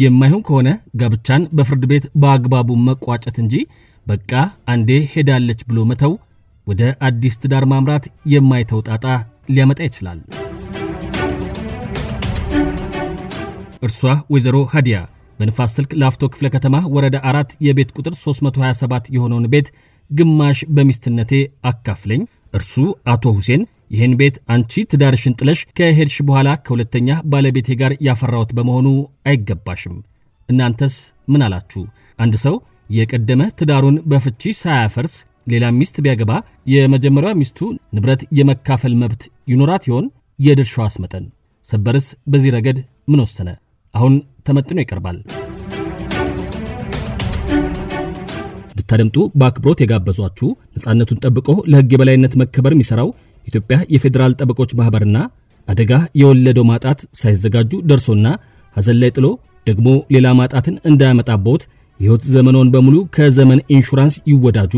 የማይሆን ከሆነ ጋብቻን በፍርድ ቤት በአግባቡ መቋጨት እንጂ በቃ አንዴ ሄዳለች ብሎ መተው ወደ አዲስ ትዳር ማምራት የማይተው ጣጣ ሊያመጣ ይችላል። እርሷ ወይዘሮ ሀዲያ በንፋስ ስልክ ላፍቶ ክፍለ ከተማ ወረዳ አራት የቤት ቁጥር 327 የሆነውን ቤት ግማሽ በሚስትነቴ አካፍለኝ፣ እርሱ አቶ ሁሴን ይህን ቤት አንቺ ትዳርሽን ጥለሽ ከሄድሽ በኋላ ከሁለተኛ ባለቤቴ ጋር ያፈራሁት በመሆኑ አይገባሽም። እናንተስ ምን አላችሁ? አንድ ሰው የቀደመ ትዳሩን በፍቺ ሳያፈርስ ሌላ ሚስት ቢያገባ የመጀመሪያ ሚስቱ ንብረት የመካፈል መብት ይኖራት ይሆን? የድርሻዋስ መጠን? ሰበርስ በዚህ ረገድ ምን ወሰነ? አሁን ተመጥኖ ይቀርባል። ብታደምጡ በአክብሮት የጋበዟችሁ ነፃነቱን ጠብቆ ለሕግ የበላይነት መከበር የሚሠራው ኢትዮጵያ የፌዴራል ጠበቆች ማኅበርና አደጋ የወለደው ማጣት ሳይዘጋጁ ደርሶና ሐዘን ላይ ጥሎ ደግሞ ሌላ ማጣትን እንዳያመጣቦት የሕይወት ዘመኖን በሙሉ ከዘመን ኢንሹራንስ ይወዳጁ፣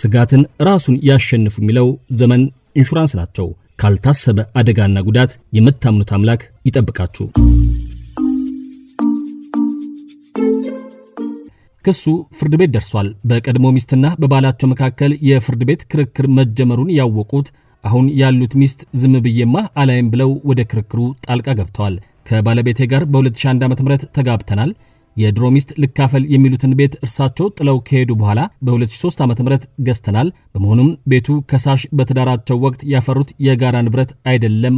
ስጋትን ራሱን ያሸንፉ የሚለው ዘመን ኢንሹራንስ ናቸው። ካልታሰበ አደጋና ጉዳት የምታምኑት አምላክ ይጠብቃችሁ። ክሱ ፍርድ ቤት ደርሷል። በቀድሞ ሚስትና በባላቸው መካከል የፍርድ ቤት ክርክር መጀመሩን ያወቁት አሁን ያሉት ሚስት ዝም ብዬማ አላይም ብለው ወደ ክርክሩ ጣልቃ ገብተዋል። ከባለቤቴ ጋር በ2001 ዓ.ም ተጋብተናል። የድሮ ሚስት ልካፈል የሚሉትን ቤት እርሳቸው ጥለው ከሄዱ በኋላ በ2003 ም ገዝተናል። በመሆኑም ቤቱ ከሳሽ በትዳራቸው ወቅት ያፈሩት የጋራ ንብረት አይደለም፣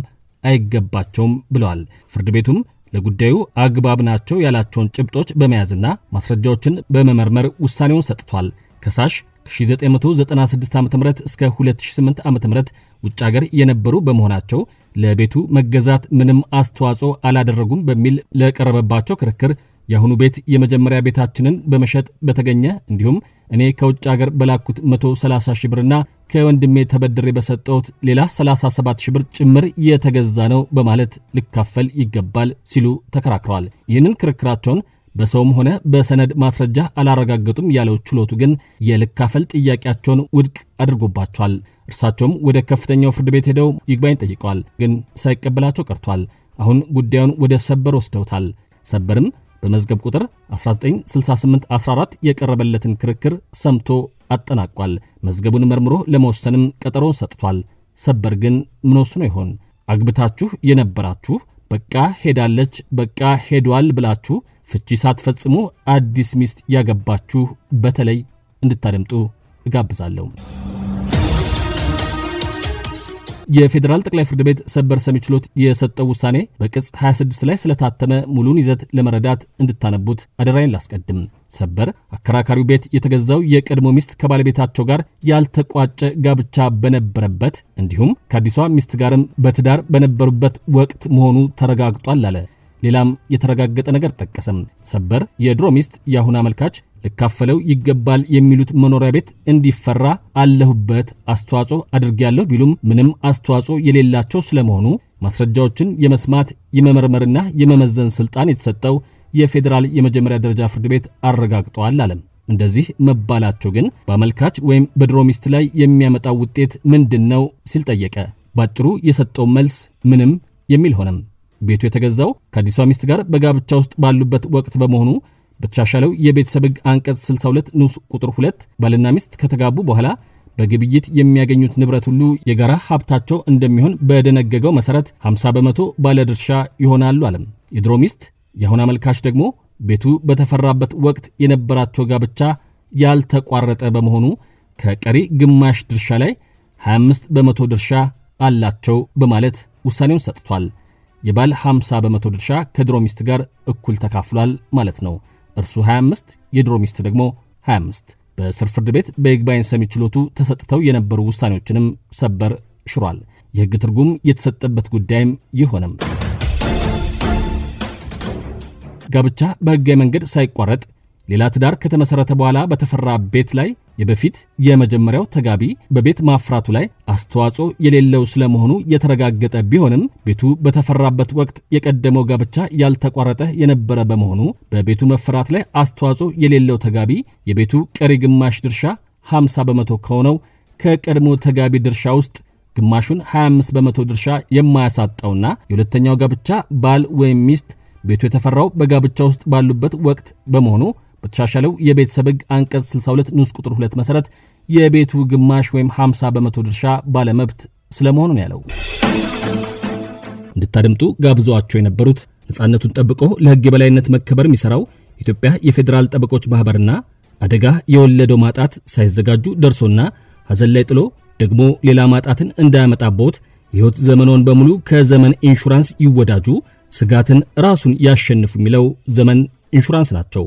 አይገባቸውም ብለዋል። ፍርድ ቤቱም ለጉዳዩ አግባብ ናቸው ያላቸውን ጭብጦች በመያዝና ማስረጃዎችን በመመርመር ውሳኔውን ሰጥቷል። ከሳሽ 1996 ዓ ም እስከ 2008 ዓ ም ውጭ አገር የነበሩ በመሆናቸው ለቤቱ መገዛት ምንም አስተዋጽኦ አላደረጉም በሚል ለቀረበባቸው ክርክር የአሁኑ ቤት የመጀመሪያ ቤታችንን በመሸጥ በተገኘ እንዲሁም እኔ ከውጭ አገር በላኩት 130 ሺህ ብርና ከወንድሜ ተበድሬ በሰጠሁት ሌላ 37 ሺህ ብር ጭምር የተገዛ ነው በማለት ልካፈል ይገባል ሲሉ ተከራክረዋል። ይህንን ክርክራቸውን በሰውም ሆነ በሰነድ ማስረጃ አላረጋገጡም ያለው ችሎቱ ግን የልካፈል ጥያቄያቸውን ውድቅ አድርጎባቸዋል። እርሳቸውም ወደ ከፍተኛው ፍርድ ቤት ሄደው ይግባኝ ጠይቀዋል፣ ግን ሳይቀበላቸው ቀርቷል። አሁን ጉዳዩን ወደ ሰበር ወስደውታል። ሰበርም በመዝገብ ቁጥር 196814 የቀረበለትን ክርክር ሰምቶ አጠናቋል። መዝገቡን መርምሮ ለመወሰንም ቀጠሮን ሰጥቷል። ሰበር ግን ምን ወስኖ ይሆን? አግብታችሁ የነበራችሁ በቃ ሄዳለች፣ በቃ ሄዷል ብላችሁ ፍቺ ሳትፈጽሙ አዲስ ሚስት ያገባችሁ በተለይ እንድታደምጡ እጋብዛለሁ። የፌዴራል ጠቅላይ ፍርድ ቤት ሰበር ሰሚ ችሎት የሰጠው ውሳኔ በቅጽ 26 ላይ ስለታተመ ሙሉን ይዘት ለመረዳት እንድታነቡት አደራይን ላስቀድም። ሰበር አከራካሪው ቤት የተገዛው የቀድሞ ሚስት ከባለቤታቸው ጋር ያልተቋጨ ጋብቻ በነበረበት እንዲሁም ከአዲሷ ሚስት ጋርም በትዳር በነበሩበት ወቅት መሆኑ ተረጋግጧል አለ። ሌላም የተረጋገጠ ነገር ጠቀሰም። ሰበር የድሮ ሚስት የአሁን አመልካች ልካፈለው ይገባል የሚሉት መኖሪያ ቤት እንዲፈራ አለሁበት አስተዋጽኦ አድርጌያለሁ ቢሉም ምንም አስተዋጽኦ የሌላቸው ስለመሆኑ ማስረጃዎችን የመስማት የመመርመርና የመመዘን ስልጣን የተሰጠው የፌዴራል የመጀመሪያ ደረጃ ፍርድ ቤት አረጋግጠዋል አለም። እንደዚህ መባላቸው ግን በአመልካች ወይም በድሮ ሚስት ላይ የሚያመጣው ውጤት ምንድን ነው ሲል ጠየቀ። ባጭሩ የሰጠው መልስ ምንም የሚል ሆነም። ቤቱ የተገዛው ከአዲሷ ሚስት ጋር በጋብቻ ውስጥ ባሉበት ወቅት በመሆኑ በተሻሻለው የቤተሰብ ሕግ አንቀጽ 62 ንዑስ ቁጥር 2 ባልና ሚስት ከተጋቡ በኋላ በግብይት የሚያገኙት ንብረት ሁሉ የጋራ ሀብታቸው እንደሚሆን በደነገገው መሰረት 50 በመቶ ባለድርሻ ይሆናሉ አለም። የድሮ ሚስት የአሁን አመልካች ደግሞ ቤቱ በተፈራበት ወቅት የነበራቸው ጋብቻ ያልተቋረጠ በመሆኑ ከቀሪ ግማሽ ድርሻ ላይ 25 በመቶ ድርሻ አላቸው በማለት ውሳኔውን ሰጥቷል። የባል 50 በመቶ ድርሻ ከድሮ ሚስት ጋር እኩል ተካፍሏል ማለት ነው። እርሱ 25 የድሮ ሚስት ደግሞ 25። በስር ፍርድ ቤት በይግባኝ ሰሚ ችሎቱ ተሰጥተው የነበሩ ውሳኔዎችንም ሰበር ሽሯል። የሕግ ትርጉም የተሰጠበት ጉዳይም ይሆንም ጋብቻ በሕጋዊ መንገድ ሳይቋረጥ ሌላ ትዳር ከተመሠረተ በኋላ በተፈራ ቤት ላይ የበፊት የመጀመሪያው ተጋቢ በቤት ማፍራቱ ላይ አስተዋጽኦ የሌለው ስለመሆኑ የተረጋገጠ ቢሆንም ቤቱ በተፈራበት ወቅት የቀደመው ጋብቻ ያልተቋረጠ የነበረ በመሆኑ በቤቱ መፈራት ላይ አስተዋጽኦ የሌለው ተጋቢ የቤቱ ቀሪ ግማሽ ድርሻ 50 በመቶ ከሆነው ከቀድሞ ተጋቢ ድርሻ ውስጥ ግማሹን 25 በመቶ ድርሻ የማያሳጣውና የሁለተኛው ጋብቻ ባል ወይም ሚስት ቤቱ የተፈራው በጋብቻ ውስጥ ባሉበት ወቅት በመሆኑ በተሻሻለው የቤተሰብ ህግ አንቀጽ 62 ንዑስ ቁጥር 2 መሰረት የቤቱ ግማሽ ወይም 50 በመቶ ድርሻ ባለመብት ስለመሆኑ ነው ያለው። እንድታደምጡ ጋብዘዋቸው የነበሩት ነፃነቱን ጠብቆ ለህግ የበላይነት መከበር የሚሠራው ኢትዮጵያ የፌዴራል ጠበቆች ማኅበርና አደጋ የወለደው ማጣት ሳይዘጋጁ ደርሶና ሐዘን ላይ ጥሎ ደግሞ ሌላ ማጣትን እንዳያመጣቦት የሕይወት ዘመኖን በሙሉ ከዘመን ኢንሹራንስ ይወዳጁ። ስጋትን ራሱን ያሸንፉ የሚለው ዘመን ኢንሹራንስ ናቸው።